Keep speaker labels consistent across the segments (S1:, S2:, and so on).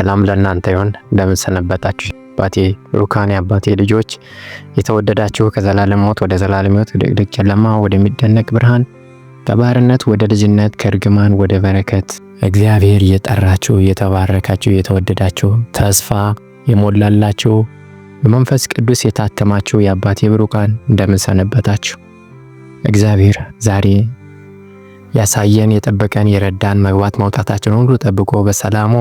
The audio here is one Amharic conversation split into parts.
S1: ሰላም ለእናንተ ይሁን። እንደምን ሰነበታችሁ? አባቴ ብሩካን አባቴ ልጆች የተወደዳችሁ ከዘላለም ሞት ወደ ዘላለም ሕይወት ድቅድቅ ጨለማ ወደሚደነቅ ብርሃን ከባርነት ወደ ልጅነት ከእርግማን ወደ በረከት እግዚአብሔር እየጠራችሁ እየተባረካችሁ እየተወደዳችሁ ተስፋ የሞላላችሁ በመንፈስ ቅዱስ የታተማችሁ የአባቴ ብሩካን እንደምን ሰነበታችሁ? እግዚአብሔር ዛሬ ያሳየን የጠበቀን የረዳን መግባት መውጣታችን ሁሉ ጠብቆ በሰላሙ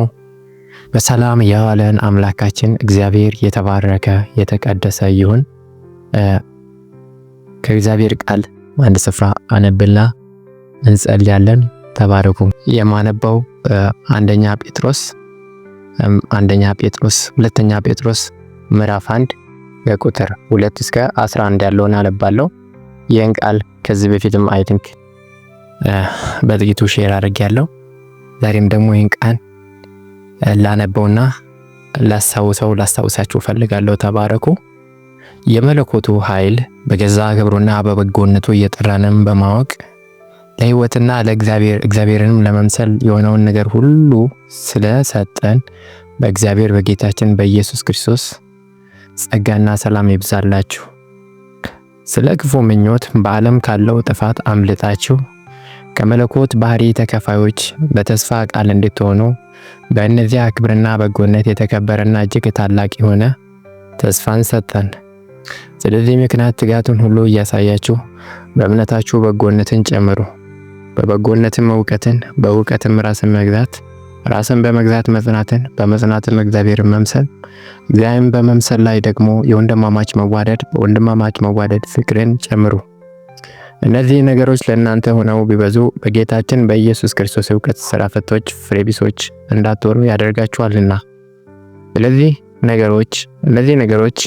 S1: በሰላም የዋለን አምላካችን እግዚአብሔር የተባረከ የተቀደሰ ይሁን። ከእግዚአብሔር ቃል አንድ ስፍራ አነብና እንጸልያለን። ተባረኩ። የማነባው አንደኛ ጴጥሮስ አንደኛ ጴጥሮስ ሁለተኛ ጴጥሮስ ምዕራፍ አንድ ቁጥር ሁለት እስከ 11 ያለውን አነባለሁ። ይህን ቃል ከዚህ በፊትም አይ ቲንክ በጥቂቱ ሼር አድርጌያለሁ። ዛሬም ደግሞ ይህን ቃል ላነበውና ላስታውሰው ላስታውሳችሁ ፈልጋለሁ። ተባረኩ። የመለኮቱ ኃይል በገዛ ክብሩና በበጎነቱ እየጠራንም በማወቅ ለህይወትና ለእግዚአብሔር እግዚአብሔርንም ለመምሰል የሆነውን ነገር ሁሉ ስለሰጠን በእግዚአብሔር በጌታችን በኢየሱስ ክርስቶስ ጸጋና ሰላም ይብዛላችሁ። ስለ ክፉ ምኞት በዓለም ካለው ጥፋት አምልጣችሁ ከመለኮት ባህሪ ተከፋዮች በተስፋ ቃል እንድትሆኑ በእነዚያ ክብርና በጎነት የተከበረና እጅግ ታላቅ የሆነ ተስፋን ሰጠን። ስለዚህ ምክንያት ትጋቱን ሁሉ እያሳያችሁ በእምነታችሁ በጎነትን ጨምሩ፣ በበጎነትም እውቀትን፣ በእውቀትም ራስን መግዛት፣ ራስን በመግዛት መጽናትን፣ በመጽናትም እግዚአብሔርን መምሰል፣ እግዚአብሔርን በመምሰል ላይ ደግሞ የወንድማማች መዋደድ፣ በወንድማማች መዋደድ ፍቅርን ጨምሩ። እነዚህ ነገሮች ለእናንተ ሆነው ቢበዙ በጌታችን በኢየሱስ ክርስቶስ እውቀት ስራ ፈቶች ፍሬቢሶች እንዳትሆኑ ያደርጋችኋልና። ስለዚህ ነገሮች እነዚህ ነገሮች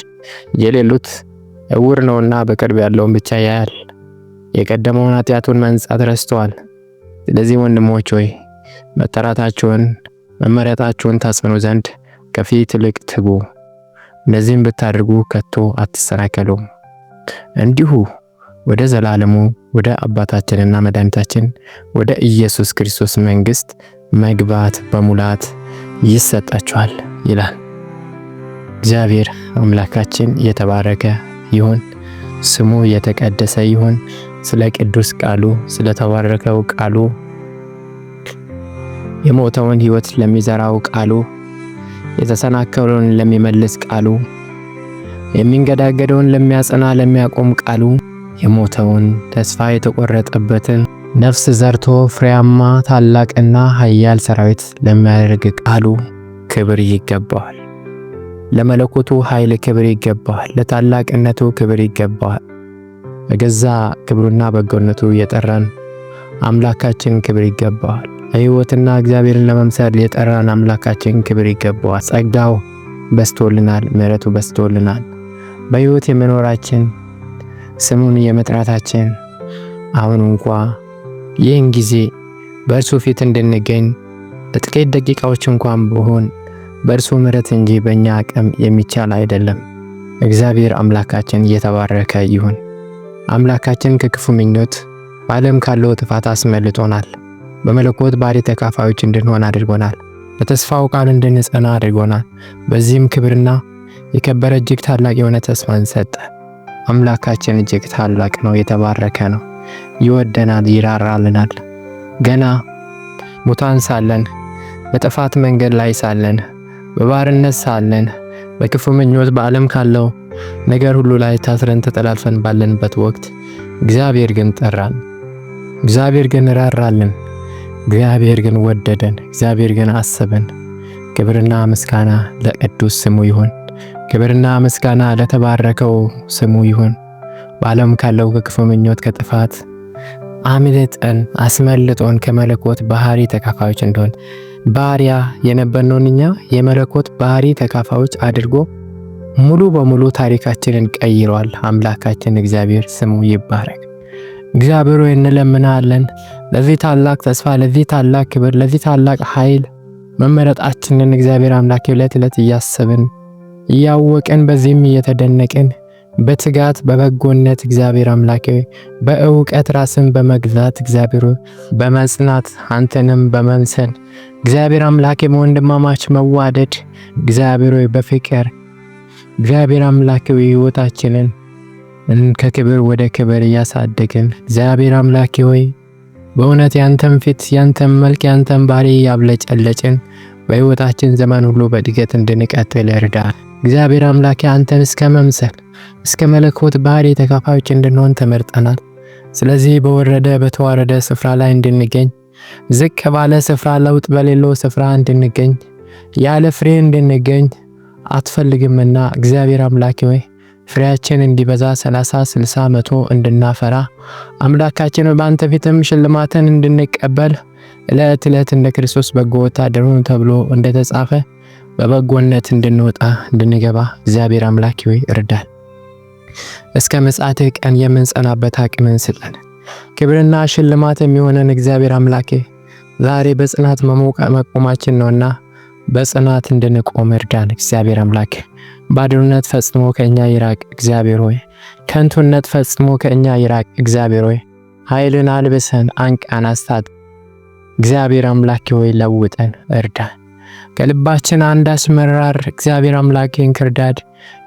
S1: የሌሉት እውር ነውና በቅርብ ያለውን ብቻ ያያል፣ የቀደመውን ኃጢአቱን መንጻት ረስተዋል። ስለዚህ ወንድሞች ሆይ መጠራታችሁን መመረጣችሁን ታጽኑ ዘንድ ከፊት ይልቅ ትጉ። እነዚህም ብታደርጉ ከቶ አትሰናከሉም። እንዲሁ ወደ ዘላለሙ ወደ አባታችንና መድኃኒታችን ወደ ኢየሱስ ክርስቶስ መንግሥት መግባት በሙላት ይሰጣችኋል ይላል። እግዚአብሔር አምላካችን የተባረከ ይሁን፣ ስሙ የተቀደሰ ይሁን። ስለ ቅዱስ ቃሉ ስለ ተባረከው ቃሉ የሞተውን ሕይወት ለሚዘራው ቃሉ የተሰናከለውን ለሚመልስ ቃሉ የሚንገዳገደውን ለሚያጸና ለሚያቆም ቃሉ የሞተውን ተስፋ የተቆረጠበትን ነፍስ ዘርቶ ፍሬያማ ታላቅና ኃያል ሰራዊት ለሚያደርግ ቃሉ ክብር ይገባዋል። ለመለኮቱ ኃይል ክብር ይገባዋል። ለታላቅነቱ ክብር ይገባዋል። በገዛ ክብሩና በጎነቱ የጠራን አምላካችን ክብር ይገባዋል። ለሕይወትና እግዚአብሔርን ለመምሰል የጠራን አምላካችን ክብር ይገባዋል። ጸጋው በስቶልናል፣ ምሕረቱ በስቶልናል። በሕይወት የመኖራችን ስሙን የመጥራታችን አሁን እንኳ ይህን ጊዜ በእርሱ ፊት እንድንገኝ በጥቂት ደቂቃዎች እንኳን ብሆን በእርሱ ምረት እንጂ በእኛ አቅም የሚቻል አይደለም። እግዚአብሔር አምላካችን እየተባረከ ይሁን። አምላካችን ከክፉ ምኞት በዓለም ካለው ጥፋት አስመልጦናል። በመለኮት ባሪ ተካፋዮች እንድንሆን አድርጎናል። በተስፋው ቃል እንድንጸና አድርጎናል። በዚህም ክብርና የከበረ እጅግ ታላቅ የሆነ ተስፋን ሰጠ። አምላካችን እጅግ ታላቅ ነው፣ የተባረከ ነው። ይወደናል፣ ይራራልናል። ገና ሙታን ሳለን፣ በጥፋት መንገድ ላይ ሳለን፣ በባርነት ሳለን፣ በክፉ ምኞት በዓለም ካለው ነገር ሁሉ ላይ ታስረን ተጠላልፈን ባለንበት ወቅት እግዚአብሔር ግን ጠራን። እግዚአብሔር ግን ራራልን። እግዚአብሔር ግን ወደደን። እግዚአብሔር ግን አሰበን። ክብርና ምስጋና ለቅዱስ ስሙ ይሁን። ክብርና ምስጋና ለተባረከው ስሙ ይሁን። በዓለም ካለው ከክፉ ምኞት ከጥፋት አምልጠን አስመልጦን ከመለኮት ባህሪ ተካፋዮች እንደሆን ባሪያ የነበርነውን እኛ የመለኮት ባህሪ ተካፋዮች አድርጎ ሙሉ በሙሉ ታሪካችንን ቀይሯል። አምላካችን እግዚአብሔር ስሙ ይባረክ። እግዚአብሔር ሆይ እንለምናለን፣ ለዚህ ታላቅ ተስፋ፣ ለዚህ ታላቅ ክብር፣ ለዚህ ታላቅ ኃይል መመረጣችንን እግዚአብሔር አምላክ ዕለት ዕለት እያሰብን እያወቅን በዚህም እየተደነቅን በትጋት በበጎነት እግዚአብሔር አምላኬ በእውቀት ራስን በመግዛት እግዚአብሔር በመጽናት አንተንም በመምሰል እግዚአብሔር አምላኬ በወንድማማች መዋደድ እግዚአብሔር በፍቅር እግዚአብሔር አምላኬ ህይወታችንን ከክብር ወደ ክብር እያሳደግን እግዚአብሔር አምላኬ ሆይ በእውነት ያንተን ፊት ያንተን መልክ ያንተን ባህሪ እያብለጨለጭን በህይወታችን ዘመን ሁሉ በእድገት እንድንቀጥል እርዳን። እግዚአብሔር አምላኬ አንተን እስከ መምሰል እስከ መለኮት ባህሪ ተካፋዮች እንድንሆን ተመርጠናል። ስለዚህ በወረደ በተዋረደ ስፍራ ላይ እንድንገኝ፣ ዝቅ ባለ ስፍራ ለውጥ በሌለው ስፍራ እንድንገኝ፣ ያለ ፍሬ እንድንገኝ አትፈልግምና እግዚአብሔር አምላኬ ወይ ፍሬያችን እንዲበዛ 30፣ 60፣ መቶ እንድናፈራ አምላካችን በአንተ ፊትም ሽልማትን እንድንቀበል ዕለት ዕለት እንደ ክርስቶስ በጎ ወታደር ተብሎ እንደተጻፈ በበጎነት እንድንወጣ እንድንገባ እግዚአብሔር አምላክ ሆይ እርዳን። እስከ ምጽአትህ ቀን የምንጸናበት አቅምን ስጠን። ክብርና ሽልማት የሚሆነን እግዚአብሔር አምላኬ ዛሬ በጽናት መቆማችን ነውና በጽናት እንድንቆም እርዳን። እግዚአብሔር አምላክ ባዶነት ፈጽሞ ከእኛ ይራቅ እግዚአብሔር ሆይ፣ ከንቱነት ፈጽሞ ከእኛ ይራቅ እግዚአብሔር ሆይ፣ ኃይልን አልብሰን፣ አንቃን፣ አስታጥ እግዚአብሔር አምላክ ሆይ ለውጠን፣ እርዳን። ከልባችን አንድ አስመራር እግዚአብሔር አምላኬ ክርዳድ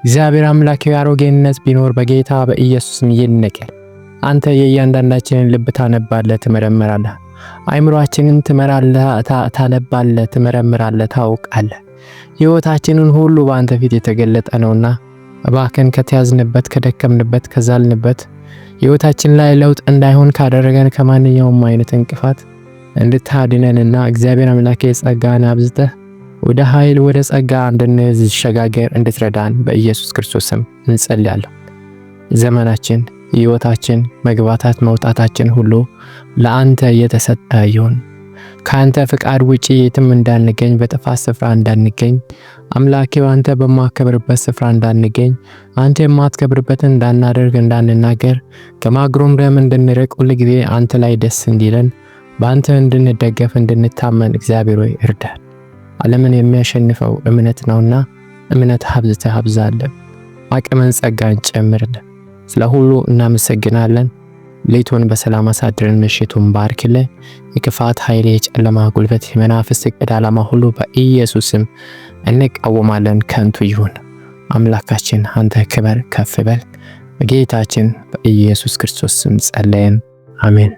S1: እግዚአብሔር አምላኬ አሮጌነት ቢኖር በጌታ በኢየሱስም ይንቀል። አንተ የእያንዳንዳችንን ልብ ታነባለህ፣ ትመረምራለህ። አይምሮአችንን ትመራለህ፣ ታነባለህ፣ ትመረምራለህ፣ ታውቃለህ። ሕይወታችንን ሁሉ በአንተ ፊት የተገለጠ ነውና እባክን ከተያዝንበት፣ ከደከምንበት፣ ከዛልንበት ሕይወታችን ላይ ለውጥ እንዳይሆን ካደረገን ከማንኛውም አይነት እንቅፋት እንድታድነንና እግዚአብሔር አምላኬ ጸጋን አብዝተህ ወደ ኃይል ወደ ጸጋ እንድንሸጋገር እንድትረዳን በኢየሱስ ክርስቶስ ስም እንጸልያለሁ። ዘመናችን፣ ሕይወታችን፣ መግባታት መውጣታችን ሁሉ ለአንተ የተሰጠ ይሁን። ከአንተ ፍቃድ ውጪ የትም እንዳንገኝ፣ በጥፋት ስፍራ እንዳንገኝ አምላኬ፣ አንተ በማከብርበት ስፍራ እንዳንገኝ፣ አንተ የማትከብርበትን እንዳናደርግ እንዳንናገር፣ ከማጉረምረም እንድንርቅ፣ ሁልጊዜ አንተ ላይ ደስ እንዲለን፣ በአንተ እንድንደገፍ እንድንታመን እግዚአብሔር ሆይ እርዳን። ዓለምን የሚያሸንፈው እምነት ነውና እምነት ሀብዝተ ሀብዛለን አቅምን ጸጋን ጨምርልን። ስለ ሁሉ እናመሰግናለን። ሌቱን በሰላም አሳድርን፣ ምሽቱን ባርክል። የክፋት ኃይል፣ የጨለማ ጉልበት፣ የመናፍስት ዕቅድ ዓላማ ሁሉ በኢየሱስም እንቃወማለን፣ ከንቱ ይሁን። አምላካችን አንተ ክበር ከፍ በል። በጌታችን በኢየሱስ ክርስቶስ ስም ጸለየን፣ አሜን።